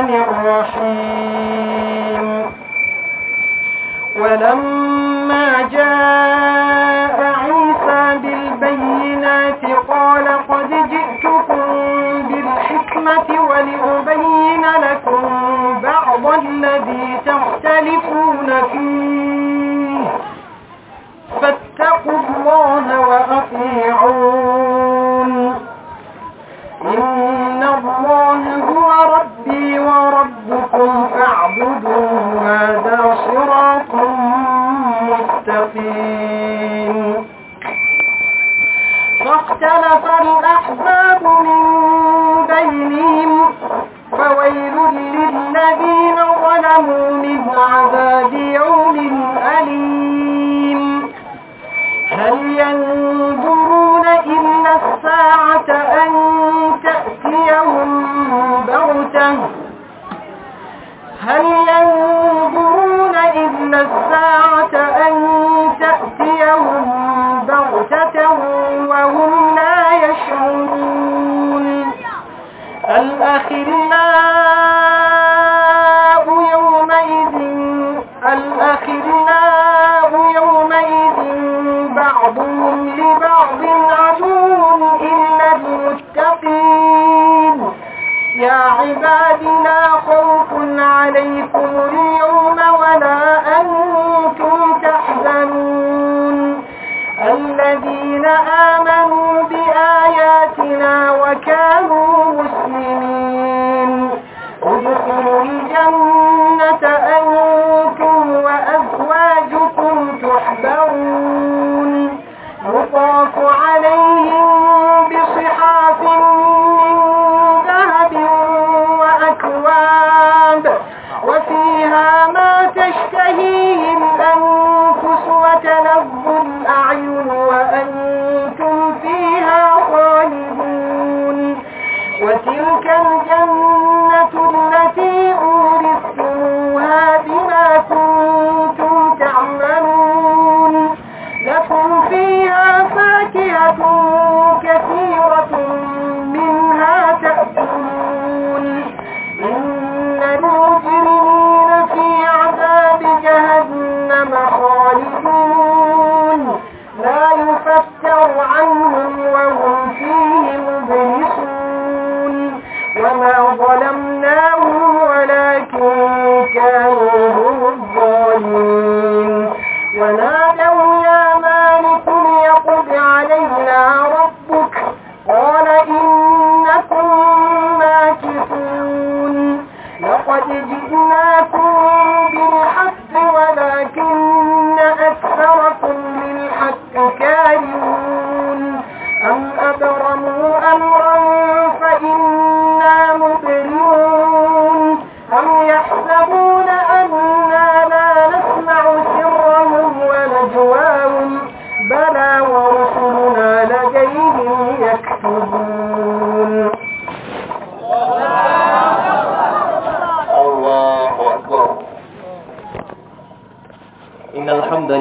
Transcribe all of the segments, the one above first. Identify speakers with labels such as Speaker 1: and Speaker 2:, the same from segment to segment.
Speaker 1: الرحمن الرحيم ولما جاء عيسى بالبينات قال قد جئتكم بالحكمة ولأبين لكم بعض الذي تختلفون فيه فاتقوا الله وأطيعون عبادنا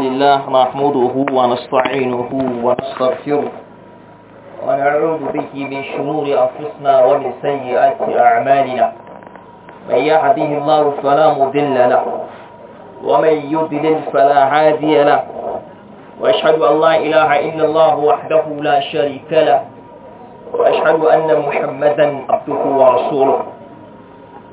Speaker 2: لله نحمده ونستعينه ونستغفره ونعوذ به من شرور أنفسنا ومن سيئات أعمالنا من يهده الله فلا مضل له ومن يضلل فلا هادي له وأشهد أن لا إله إلا الله وحده لا شريك له وأشهد أن محمدا عبده ورسوله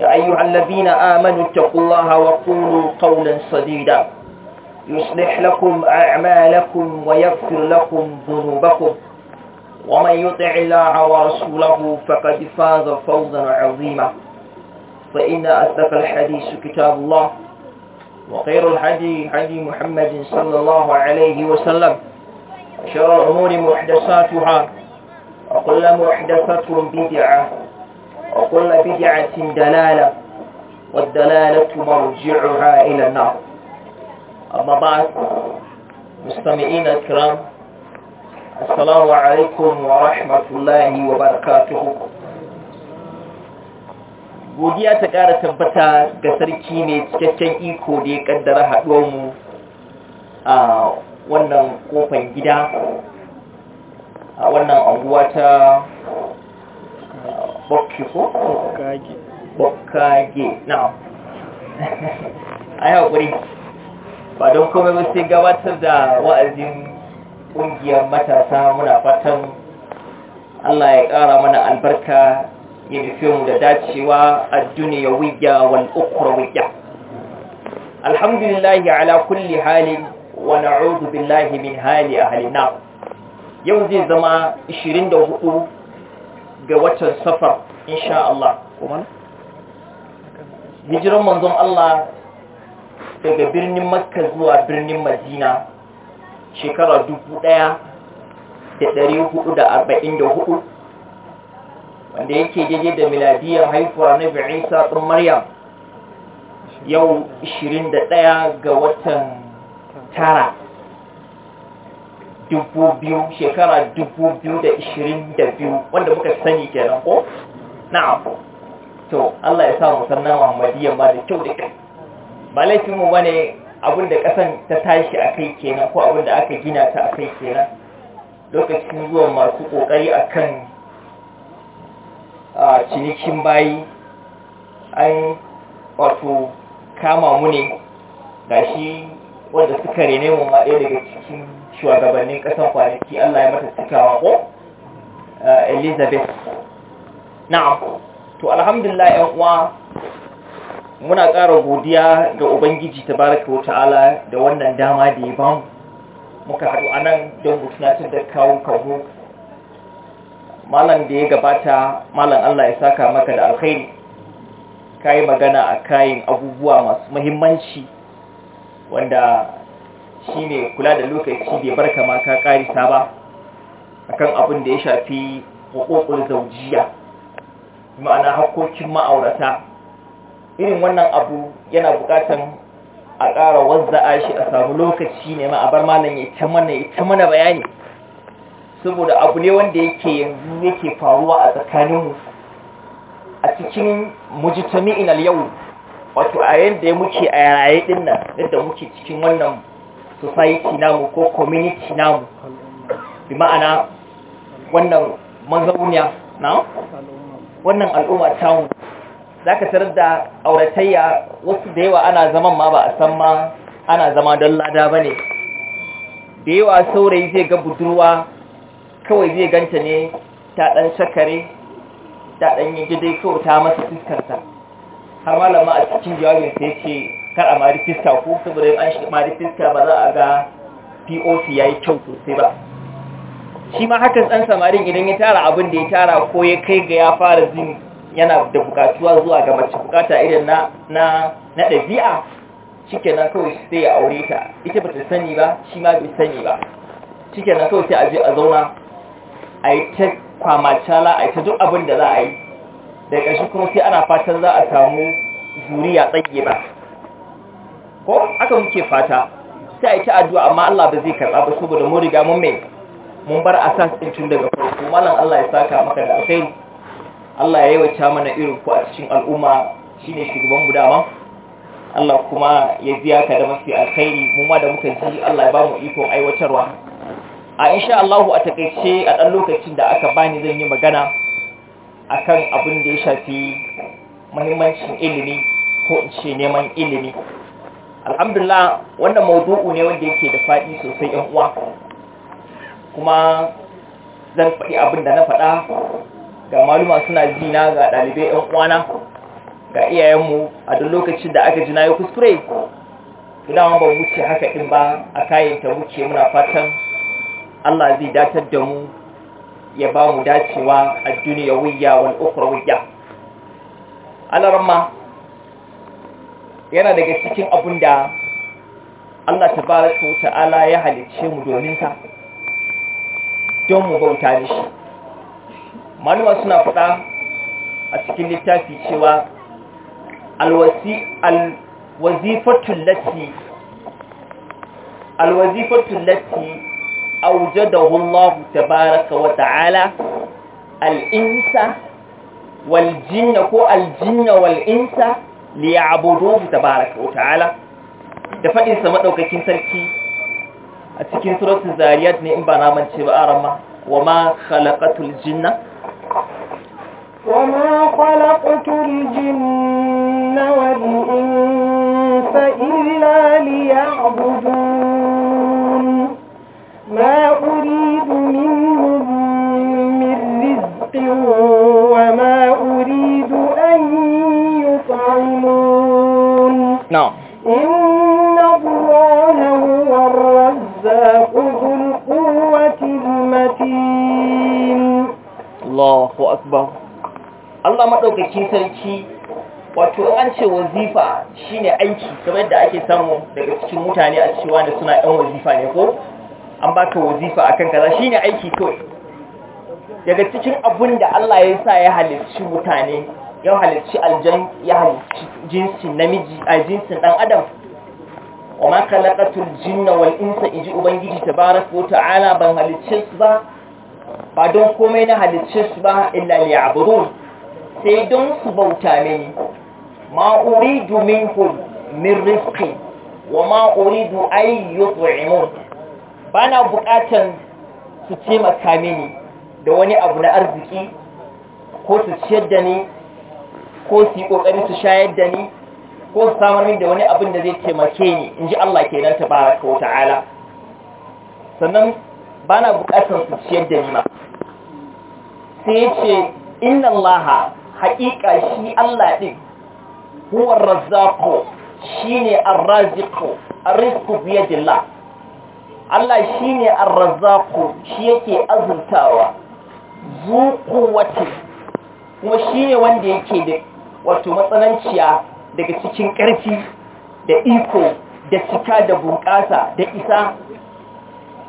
Speaker 2: يا أيها الذين آمنوا اتقوا الله وقولوا قولا سديدا يصلح لكم أعمالكم ويغفر لكم ذنوبكم ومن يطع الله ورسوله فقد فاز فوزا عظيما فإن أصدق الحديث كتاب الله وخير الهدي هدي محمد صلى الله عليه وسلم شر الأمور محدثاتها وكل محدثة بدعة وكل بدعة دلالة والدلالة مرجعها إلى النار أما بعد مستمعين الكرام السلام عليكم ورحمة الله وبركاته godiya ta ƙara tabbata ga sarki mai cikakken iko da ya ƙaddara haɗuwarmu a wannan ƙofan gida a wannan anguwa ta Bokke ko? ba don kome ba sai gabatar da wa'azin ƙungiyar matasa muna fatan Allah ya ƙara mana albarka ya nufi mu da dacewa a duniya wiyya wal ukura wiyya. Alhamdulillahi ala kulli halin wa na'udu billahi min hali ahli na. Yau zai zama 24 ga watan safar insha Allah kuma hijiran manzon Allah daga birnin makka zuwa birnin madina shekara dubu ɗaya da da arba'in da wanda yake daidai da miladiyar haifuwa na bi'isa ɗin maryam yau 21 ga watan tara dubu biyu shekara dubu biyu da ishirin da biyu wanda muka sani kenan ko abu to Allah ya sa mu san na Muhammadiyya ma da kyau da kai ba laifin mu bane abin da kasan ta tashi a kai kenan ko abin da aka gina ta a kai kenan lokacin zuwa masu kokari akan a cinikin bayi an wato kama mu ne gashi wanda suka rene mu ma ɗaya daga shugabannin kasan kwanaki Allah ya mata cikawa ko eh, Elizabeth na'am to alhamdulillah yan uwa muna ƙara godiya ga ubangiji ta baraka wa ta'ala da wannan dama da ya bamu muka haɗu a nan don gutunatar da kawun kawo malam da ya gabata malam Allah ya saka maka da alkhairi ka yi magana a kayan abubuwa masu muhimmanci wanda Shi ne kula da lokaci bai barka kama ka karisa ba akan abin da ya shafi hukukul zaujiya ma'ana hakokin ma'aurata irin wannan abu yana bukatan a ƙara wazza'a shi a samu lokaci ne ma a bar malam ya ta mana ya ta mana bayani saboda abu ne wanda yake yanzu yake faruwa a tsakaninmu a cikin mujtami'in al yau wato a yanda muke a yaraye din yadda muke cikin wannan society namu ko community namu bi ma'ana wannan mazauniya na wannan al'umma mu. za ka tarar da auratayya wasu da yawa ana zaman ma ba a san ma ana zama don lada ba ne da yawa saurayi zai ga budurwa kawai zai ganta ne ta ɗan shakare ta ɗan yi gidai kawai ta masa fuskarta har malama a cikin jawabinsa ya ce kar a mari fiska ko saboda yin an shi mari fiska ba za a ga poc ya yi kyau sosai ba shi ma haka ɗan samarin idan ya tara abin da ya tara ko ya kai ga ya fara zin yana da bukatuwa zuwa ga mace bukata irin na na na ɗabi'a kawai sai ya aure ta ita ba ta sani ba shi ma bai sani ba na kawai sai a je a zauna a yi ta kwamacala a yi ta duk abin da za a yi daga shi kuma sai ana fatan za a samu zuriya tsaye ba ko aka muke fata sai a yi ta addu'a amma Allah ba zai karɓa ba saboda mun riga mun mai mun bar asas ɗin tun daga farko malam Allah ya saka maka da alkhairi Allah ya yi yawaita mana irin ku a cikin al'umma shine shugaban mu dama Allah kuma ya ziya ka da mafi alkhairi mu ma da muka ji Allah ya ba mu ikon aiwatarwa a insha Allah a takeice a ɗan lokacin da aka bani zan yi magana akan abin da ya shafi muhimmancin ilimi ko in ce neman ilimi alhamdulillah wannan maudu'u ne wanda yake da faɗi sosai yan uwa kuma zan faɗi abin da na faɗa ga maluma suna zina ga ɗalibai yan uwana ga iyayenmu a duk lokacin da aka ji na yi kuskure idan ban wuce haka ɗin ba a kayan ta wuce muna fatan Allah zai datar da mu ya ba mu dacewa a duniya wuyya ukwar ukhra Allah alaramma yana daga cikin abin da Allah tabaraka ta'ala ya halicce mu domin sa don mu bauta da shi. manuwa suna faɗa a cikin littafi cewa Alwazifatu alwazifatul lati alwazifatul lati awjadahu Allah tabaraka wa ta'ala al wal jinna ko al-jinna wal insa liya'buduhu tabaaraka wa ta'ala da fadin sa madaukakin sarki a cikin suratul zariyat ne in ba na mance ba arama wama khalaqatul jinna
Speaker 1: wama khalaqatul jinna wal insa illa liya'budun ma uridu minhum min rizqin
Speaker 2: Allahu akbar Allah maɗaukaki sarki wato an ce wazifa shine aiki kamar yadda ake samu daga cikin mutane a cewa da suna ɗan wazifa ne ko an baka wazifa akan kaza shine aiki to daga cikin abun da Allah ya sa ya halicci mutane ya halicci aljan ya halicci jinsin namiji a jinsin ɗan adam wa ma khalaqatul jinna wal insa inji ubangiji tabaraka wa ta'ala ban halicce su ba ba don komai na halicce su ba illa liya'budun sai don su bauta mini ma'uri domin minhum min rizqi wa ma uridu ay ba bana buƙatan su taimaka mini da wani abu na arziki ko su ciyar da ni ko su yi ƙoƙari su shayar da ni ko su samar da wani abin da zai taimake ni in ji Allah ke nan ta ba ta'ala sannan ba na bukatan su ciyar da ni ma sai ya ce inna allaha haƙiƙa shi allah ɗin huwar razzaku shi ne arraziqo biya biyadillah allah shi ne arrazzaqo shi yake azurtawa zuku wata kuma shi ne wanda yake da wato matsananciya daga cikin ƙarfi da iko da cika da bunƙasa da isa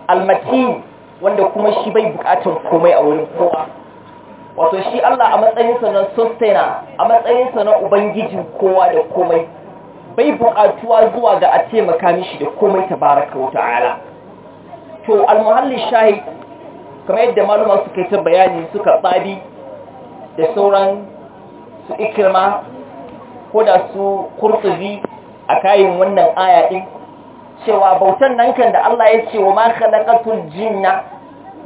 Speaker 2: Almatin wanda kuma shi bai buƙatar komai a wurin kowa wato shi Allah a matsayinsa na sustaina a matsayinsa na ubangijin kowa da komai bai buƙatuwa zuwa ga a taimaka mishi da komai tabaraka wa ta'ala to almuhalli shahi kamar yadda maluma suka yi ta bayani suka tsabi da sauran su ikirma ko da su kurtubi a kayan wannan aya din cewa bautan nan kan da Allah ya ce wa ma khalaqatul jinna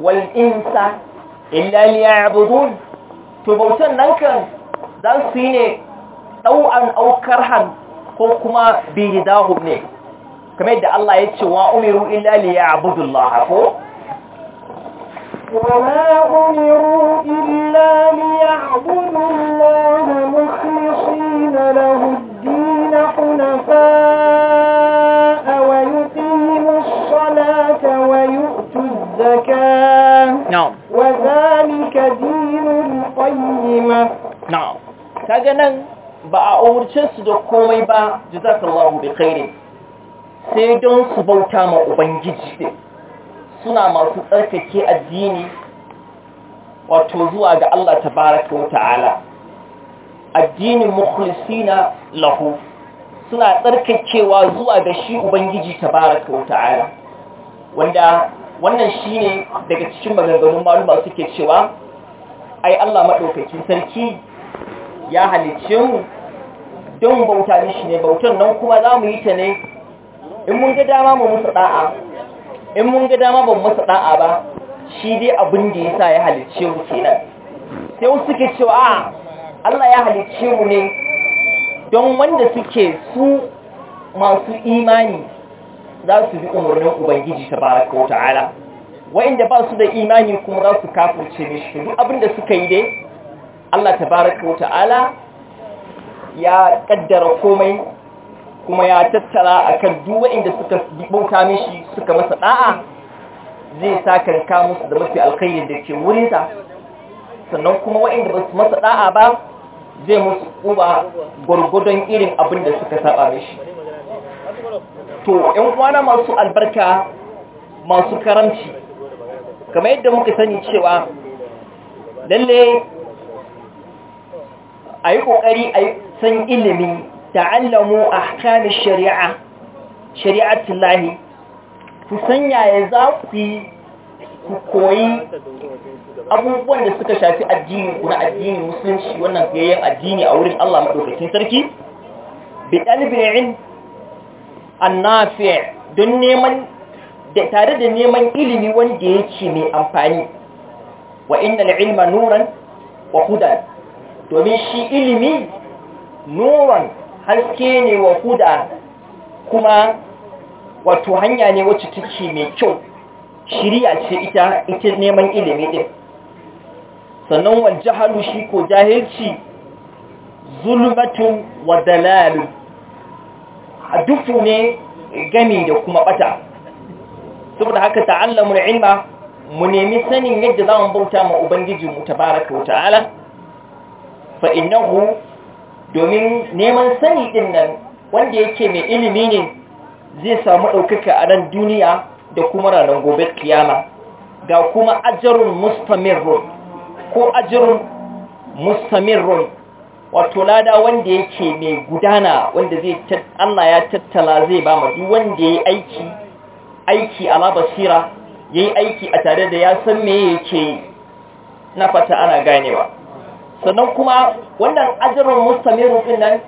Speaker 2: wal insa illa liya'budun to bautan nan kan za su yi ne ɗau'an aukar han ko kuma bihidahum ne kamar yadda Allah ya ce wa umiru illa liya'budullah ko
Speaker 1: وما أمروا إلا ليعبدوا الله nadirin ga
Speaker 2: nan ba a umurce su da komai ba jazakallahu bi khairin sai don su bauta ma ubangiji suna masu tsarkake addini wato zuwa ga Allah tabaraka wa ta'ala addinin mukhlisina lahu suna tsarkakewa zuwa ga shi ubangiji tabaraka wa ta'ala wanda wannan shine daga cikin maganganun maluma suke cewa ai Allah maɗaukakin sarki ya halicce mu don bauta mishi ne bautan nan kuma za mu yi ta ne in mun ga dama mu musu ɗa'a in mun ga dama ba musu ɗa'a ba shi dai abin da ya sa ya halicce mu kenan sai wasu suke cewa a Allah ya halicce mu ne don wanda suke su masu imani za su bi umarnin Ubangiji ta baraka wata ala. wa'inda ba su da imani kuma za su kafurce shi duk abinda suka yi dai Allah tabaraka wa ta'ala ya kaddara komai kuma ya tattara a kan duk wa'inda suka bauta mishi suka masa da'a zai sa kamun musu da mafi alkhairin da ke wurinsa sannan kuma wa'inda ba su masa da'a ba zai musu kuba gwargwadon irin abinda suka saba mishi to 'yan kwana masu albarka masu karamci kamar yadda muka sani cewa lalle a yi ƙoƙari a san ilimi ta'allamu a kanin shari'a shari'atun lahi ku san yaya za ku yi ku koyi abubuwan da suka shafi addini kuna addini musulunci wannan gayyen addini a wurin Allah maɗaukacin sarki bi ɗalibin annafiya don neman da tare da neman ilimi wanda yake mai amfani wa innal ilma nuran wa hudan domin shi ilimi nuran haske ne wa huda kuma wato hanya ne wacce take mai kyau shiriya ce ita ita neman ilimi ɗin. sannan wa jahalu shi ko jahilci zulmatun wa A dufu ne gami da kuma ɓata. saboda haka ta'allamul ilma mu nemi sanin yadda za mu bauta ma ubangiji mu tabaraka wa ta'ala fa innahu domin neman sani din nan wanda yake mai ilimi ne zai samu daukaka a nan duniya da kuma ranar gobe kiyama ga kuma ajarun mustamirrun ko ajarun mustamirrun wato lada wanda yake mai gudana wanda zai Allah ya tattala zai ba mu duk wanda ya aiki aiki ala basira yi aiki a tare da ya san me yake na fata ana ganewa sannan kuma wannan ajrun mustamin rufin nan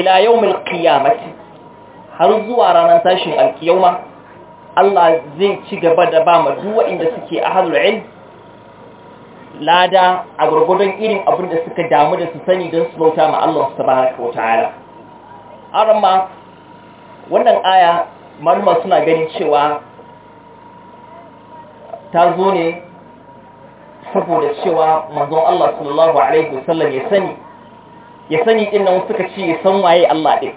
Speaker 2: ila mai qiyamati har zuwa ranar tashin alkiyama Allah zai ci gaba da ba ma duk inda suke ahlul lada a gurgudun irin abin da suka damu da su sani don su bauta ma Allah subhanahu wata wannan aya manoma suna gani cewa ta zo ne saboda cewa manzon Allah sallallahu alaihi wasallam ya sani ya sani din wasu suka ce san waye Allah din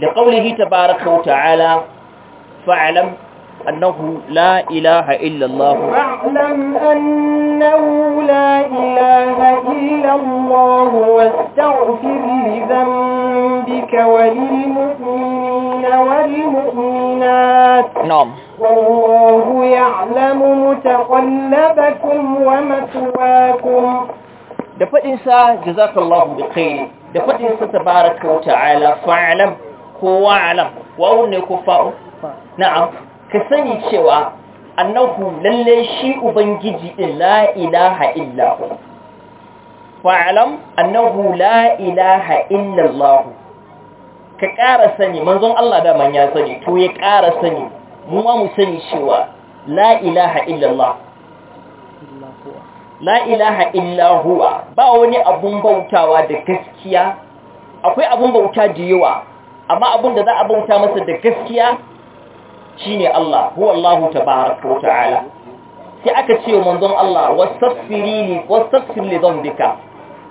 Speaker 2: da qaulihi tabaaraka wa ta'ala fa'lam أنه لا إله إلا الله
Speaker 1: واعلم أنه لا إله إلا الله واستغفر لذنبك وللمؤمنين والمؤمنات نعم والله يعلم متقلبكم ومثواكم da faɗinsa jazakallahu
Speaker 2: bi khair da faɗinsa tabaraka wa ta'ala fa'lam ko wa'lam wa'un ne ko fa'u na'am ka sani cewa annahu lalle shi ubangiji la ilaha illa hu fa'alam annahu la ilaha illa Allah ka ƙara sani manzon Allah da man ya sani to ya ƙara sani mu ma mu sani cewa la ilaha illa Allah la ilaha illa ba wani abun bautawa da gaskiya akwai abun bauta da yawa amma abun da za a bauta masa da gaskiya shine Allah huwa Allah tabaaraka wa ta'ala sai aka ce manzon Allah wastaghfiri li wastaghfir li dhanbika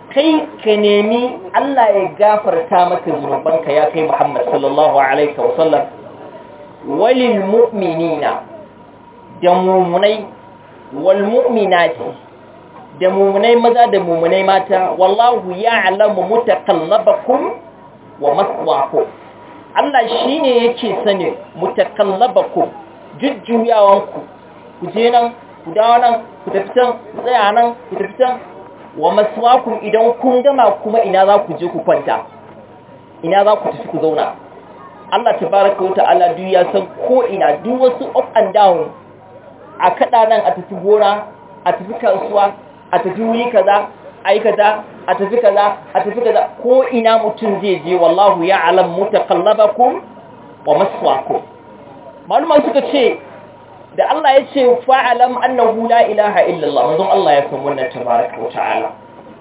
Speaker 2: kai ka nemi Allah ya gafarta maka zunubanka ya kai Muhammad sallallahu alaihi wa sallam walil mu'minina da mumunai wal mu'minati da mumunai maza da mumunai mata wallahu ya'lamu mutaqallabakum wa maswaakum Allah shi ne yake sani mutakallabakum jujjuyawanku ku je nan ku dawo nan ku tafi can ku tsaya nan ku tafi wa maswakum idan kun gama kuma ina za ku je ku kwanta ina za ku tafi ku zauna Allah tabaraka wa ta'ala duk ya san ko ina duk wasu up and down a kada nan a tafi gona a tafi kasuwa a tafi wuri kaza aikata a tafi kaza a tafi kaza ko ina mutum zai je wallahu ya alam mutaqallabakum wa maswaakum maluma suka ce da Allah ya ce alam annahu la ilaha illallah manzon Allah ya san wannan tabaraka wa ta'ala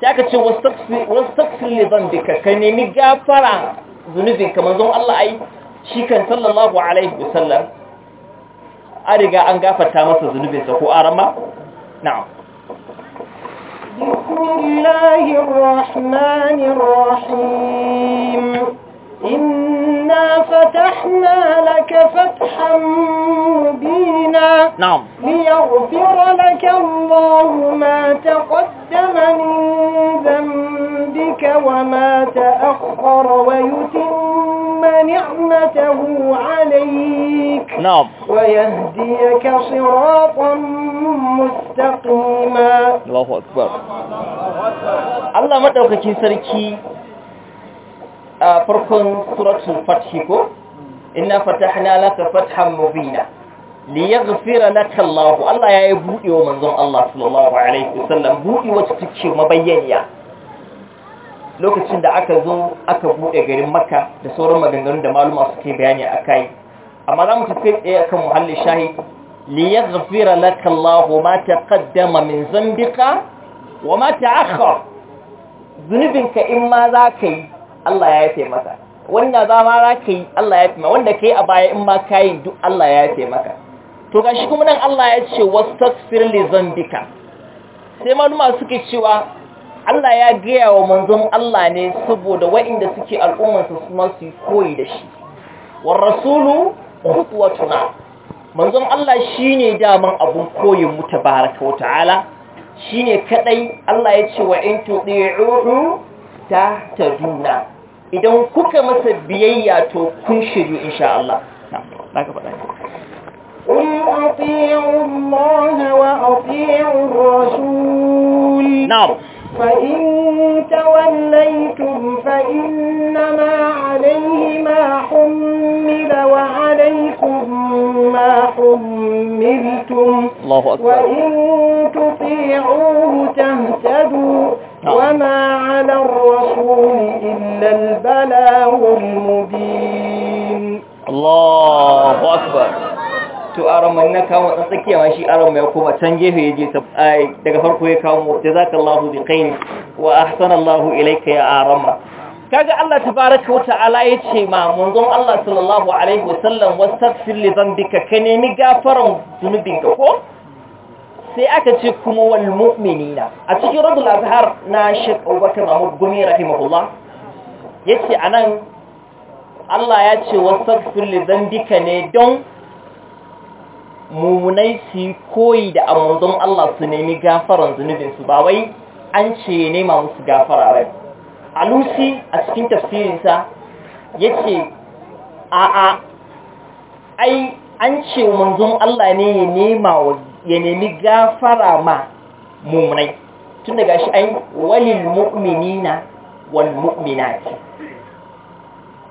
Speaker 2: sai aka ce wastaghfir li dhanbika ka nemi gafara zunubinka manzon Allah ai shi kan sallallahu alaihi wasallam a riga an gafarta masa zunubinsa ko arama na'am
Speaker 1: بسم الله الرحمن الرحيم إنا فتحنا لك فتحا مبينا نعم ليغفر لك الله ما تقدم من ذنبك وما تأخر ويتم نعمته عليك نعم ويهديك صراطا مستقيما
Speaker 2: الله أكبر الله ما مدوكاكين سركي فرقن سورة الفتح إنا فتحنا لك فتحا مبينا ليغفر لك الله الله يا يبوئي ومنظم الله صلى الله عليه وسلم بوئي وتتكي ومبينيا lokacin da aka zo aka buɗe garin makka da sauran maganganun da maluma suke bayani a kai amma za mu tafi ɗaya kan muhallin shahi li yaghfira laka Allahu ma taqaddama min zambika wa ma aka zunubinka in ma za ka yi Allah ya yafe maka wanda za ma za ka yi Allah ya yafe maka wanda ka yi a baya in ma ka yi duk Allah ya yafe maka to gashi kuma nan Allah ya ce wasu wastaghfir li zambika sai maluma suke cewa Allah ya gaya wa manzon Allah ne saboda waɗanda suke al'ummarsa su ma su koyi da shi. Wa rasulu manzon Allah shine daman abun koyin mu tabaraka wa ta'ala shine kadai Allah ya ce wa in tudi'uhu tahtaduna idan kuka masa biyayya to kun shiryu insha Allah naka
Speaker 1: فإن توليتم فإنما عليه ما حمل وعليكم ما حملتم الله أكبر وإن تطيعوه تهتدوا نعم. وما على الرسول إلا البلاغ المبين
Speaker 2: الله أكبر to aron man na kawo ɗan tsakiya ma shi aron mai kuma can gefe ya je daga farko ya kawo da za ka Allahu bi kai wa ahsan Allahu ilaika ya arama. kaga Allah tabaraka wa ta'ala ya ce ma munzon Allah sallallahu alaihi wa sallam wastaghfir li dhanbika ka nemi gafaran ka ko sai aka ce kuma wal mu'minina a cikin radul azhar na Sheikh Abubakar Mahmud Gumi rahimahullah yace anan Allah ya ce wastaghfir li dhanbika ne don mummunai su koyi da amurzon Allah su nemi gafaran zunubinsu ba wai an ce nema musu gafara rai lusi a cikin tafsirinsa ya ce a a ai an ce manzon Allah ne ya nema ya nemi gafara ma mummunai tun daga shi ai walil mu'minina wal mu'minati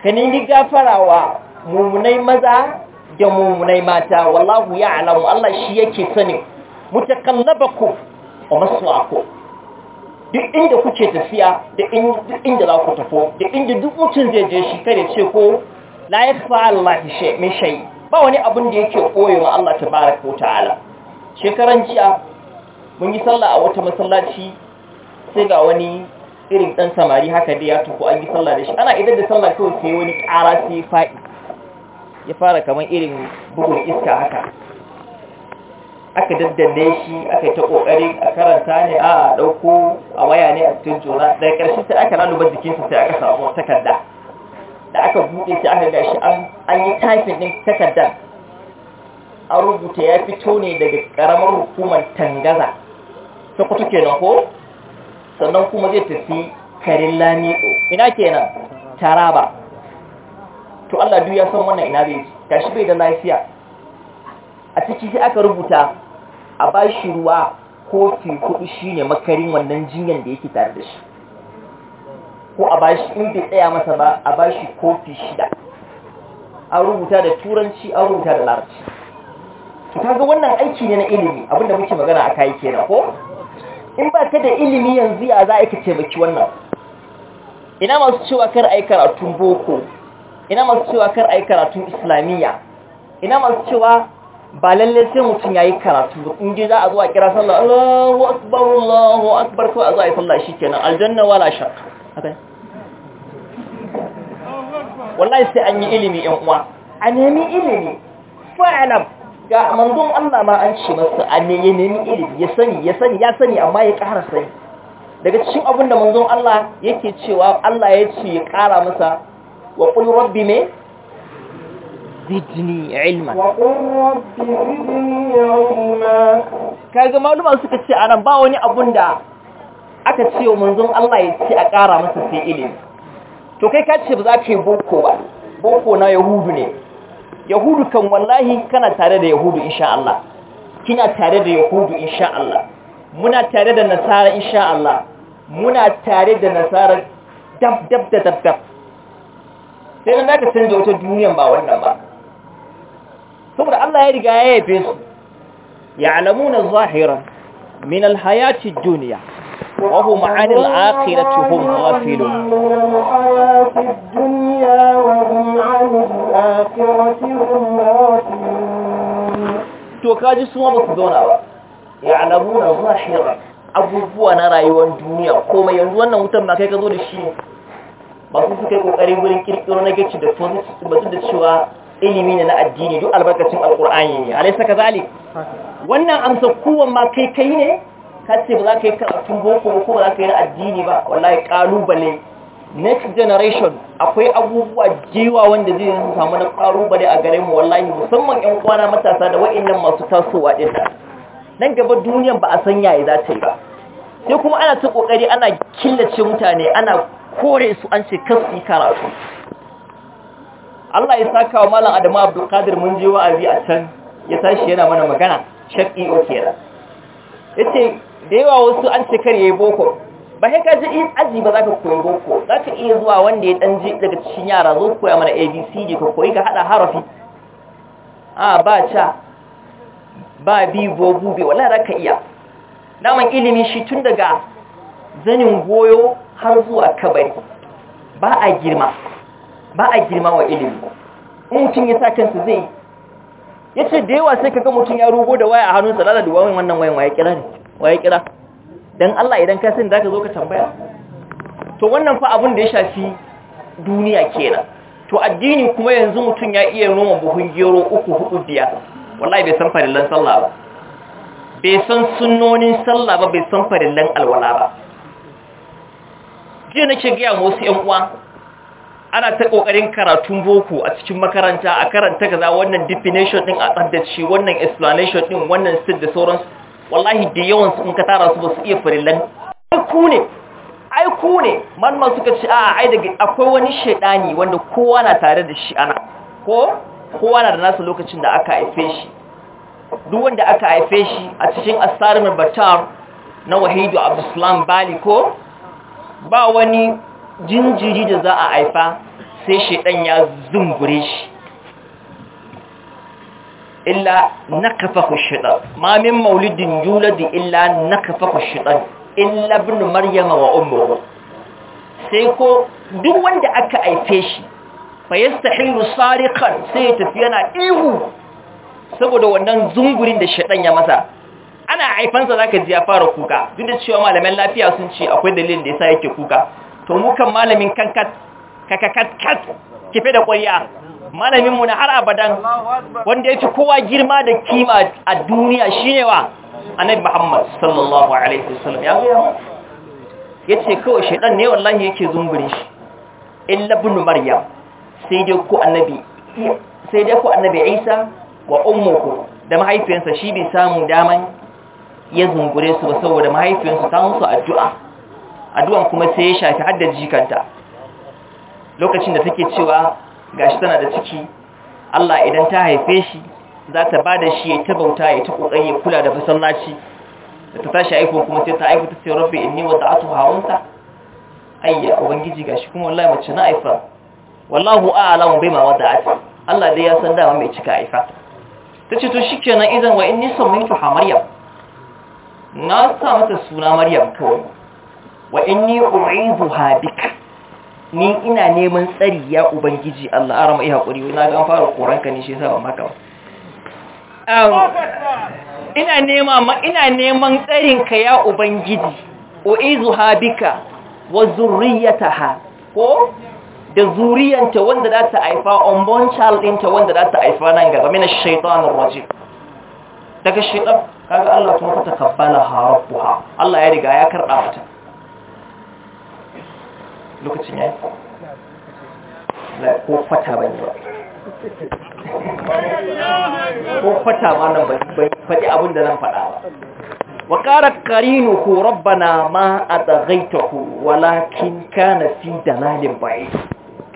Speaker 2: ka nemi gafara wa mummunai maza da mu mata wallahu ya'lamu Allah shi yake sani mutakallabakum wa maswaakum duk inda kuke tafiya da inda za ku tafo da inda duk mutum zai je shi kare ce ko la yakfa Allah min shay ba wani abin da yake ma Allah tabaraka ko ta'ala shekaran jiya mun yi sallah a wata masallaci sai ga wani irin ɗan samari haka da ya tuku an yi sallah da shi ana idan da sallah kawai sai wani ƙara sai faɗi ya fara kamar irin bugun iska haka aka daddane shi aka yi ta ƙoƙari a karanta ne a ɗauko a waya ne a cikin juna daga ƙarshe sai aka laluba jikinsa sai aka samu takarda da aka buɗe sai aka gashi an yi tafin ɗin takardar an rubuta ya fito ne daga ƙaramar hukumar tangaza ta kenan ko sannan kuma zai tafi karin lamiɗo ina kenan taraba to Allah duk ya san wannan ina zai ta shi bai da lafiya a ciki sai aka rubuta a ba shi ruwa kofi kuɗi shi ne makarin wannan jinyar da yake tare da shi ko a ba shi in bai tsaya masa ba a ba shi kofi shida an rubuta da turanci an rubuta da larabci ta ga wannan aiki ne na ilimi abinda muke magana a kayi kenan ko in ba ka da ilimi yanzu ya za a yi ka taimaki wannan ina masu cewa kar a yi karatun boko ina masu cewa kar a yi karatun islamiyya ina masu cewa ba lalle sai mutum ya yi karatu in ji za a zuwa kira sallah Allahu akbar Allahu akbar kawai a zuwa yi sallah kenan. aljanna wala shak haka wallahi sai an yi ilimi yan uwa a nemi ilimi fa'alam ga manzon Allah ma an ce masa a ne ya nemi ilimi ya sani ya sani ya sani amma ya ƙara sani daga cikin abin da manzon Allah yake cewa Allah ya ce ya ƙara masa wa qul rabbi me zidni ilma wa qul rabbi zidni ilma kaga maluma suka ce anan ba wani abun da aka ce wa manzon Allah ya ce a ƙara masa sai ilimi to kai ka ce ba za ka yi boko ba boko na yahudu ne yahudu kan wallahi kana tare da yahudu insha Allah kina tare da yahudu insha Allah muna tare da nasara insha Allah muna tare da nasara dab dab da dab dab sai nan zaka canza wata duniyan ba wannan ba saboda Allah ya riga ya yafe su ya'lamuna zahira min alhayati dunya wa hum 'an al-akhirati hum ghafilun
Speaker 1: to kaji su ma su zauna ba
Speaker 2: ya'lamuna zahira abubuwa na rayuwar duniya komai yanzu wannan wutan ba kai ka zo da shi masu suka yi kokari wurin kirkiro na gaci da su da cewa ilimi ne na addini duk albarkacin alkur'ani ne laisa ka zali wannan amsa kowan ma kai kai ne ka ce ba za ka yi karatun boko ko ba za ka yi na addini ba wallahi kalubale next generation akwai abubuwa jiwa wanda zai yi samu na kalubale a gare mu wallahi musamman yan kwana matasa da wa'annan masu tasowa din nan gaba duniyan ba a san yaya za ta yi ba sai kuma ana ta kokari ana killace mutane ana kore su an ce kasu karatu Allah ya saka wa malam Adamu Abdul Qadir mun je wa'azi a can ya tashi yana mana magana shafi oke ya ce da yawa wasu an ce kar yayi boko ba sai ka je in aji ba za ka koyi boko za ka iya zuwa wanda ya dan je daga cikin yara zo koya mana abcd ka koyi ka hada harafi a ba cha ba bi bo bube wallahi za ka iya daman ilimi shi tun daga zanin goyo har zuwa kabari ba a girma ba a girma wa ilimi in mutum ya sa kansa zai ya ce da yawa sai kaga mutum ya rugo da waya a hannunsa lada da wawin wannan wayan waya kira ne waya kira don Allah idan ka sani za ka zo ka tambaya to wannan fa abin da ya shafi duniya kenan to addini kuma yanzu mutum ya iya noma buhun gero uku hudu biyar wallahi bai san farillan sallah ba bai san sunnonin sallah ba bai san farillan alwala ba jiya nake gaya ma wasu 'yan uwa ana ta kokarin karatun boko a cikin makaranta a karanta gaza, wannan definition ɗin a shi, wannan explanation ɗin, wannan sit da sauransu wallahi da yawan su in ka tara su ba su iya farillan aiku ne ai ku ne malama suka ce a'a ai daga akwai wani shaidani wanda kowa na tare da shi ana ko kowa na da nasu lokacin da aka haife shi duk wanda aka haife shi a cikin asarimin batar na wahidu abdulsalam bali ko ba wani jinjiri da za a haifa sai shaidan ya zungure shi illa kafa shaitan ma min maulidin juladi illa na nakafahu shaitan illa bin maryama wa umaru sai ko duk wanda aka haife shi fa yastahilu sariqan sai ya tafi yana ihu saboda wannan zungurin da shaɗan ya masa ana haifansa za ka ji ya fara kuka duk da cewa malamin lafiya sun ce akwai dalilin da ya sa yake kuka to mukan malamin kankat kakakatkat kife da ƙwariya malaminmu na har abadan wanda ya fi kowa girma da kima a duniya shi ne wa annabi muhammad sallallahu alaihi wasallam ya gaya ya ce kawai shaidan ne wallahi yake zungurin shi illa bin maryam sai dai ku annabi sai dai ku annabi isa wa ummuku da mahaifiyarsa shi bai samu daman ya zungure su ba saboda mahaifiyarsa ta musu addu'a addu'an kuma sai ya shafi haddar jikanta lokacin da take cewa gashi tana da ciki Allah idan ta haife shi za ta ba da shi ya ta bauta ya ta kokari ya kula da masallaci da ta tashi aiko kuma sai ta aiko ta ce rabbi inni wada'atu hawanta ayya ubangiji gashi kuma wallahi mace na aifa wallahu a'lamu bima wada'at Allah dai ya san dama mai cika aifa ta ce to shi kenan izan wa in inni samaitu ha maryam na sa mata suna maryam kawai wa inni u'idu ha bika ni ina neman tsari ya ubangiji Allah ara mai hakuri na ga an fara ƙoranka ne shi yasa maka ba ina nema ma ina neman tsarin ka ya ubangiji oizu ha bika wa zurriyataha ko da zuriyanta wanda za ta haifa unborn child ɗinta wanda za ta haifa nan gaba mina shaitanin rajim daga shaitan kaga Allah kuma fata kabbala harafuha Allah ya riga ya karɓa mata lokacin ya yi ko fata ban yi ba
Speaker 1: ko fata ma nan
Speaker 2: bai faɗi abin da nan faɗa ba wa ƙarar karinu ku rabbana ma a tsagaita ku walakin kana fi dalalin bai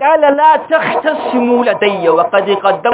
Speaker 1: قال لا تختصموا
Speaker 2: لدي وقد قدم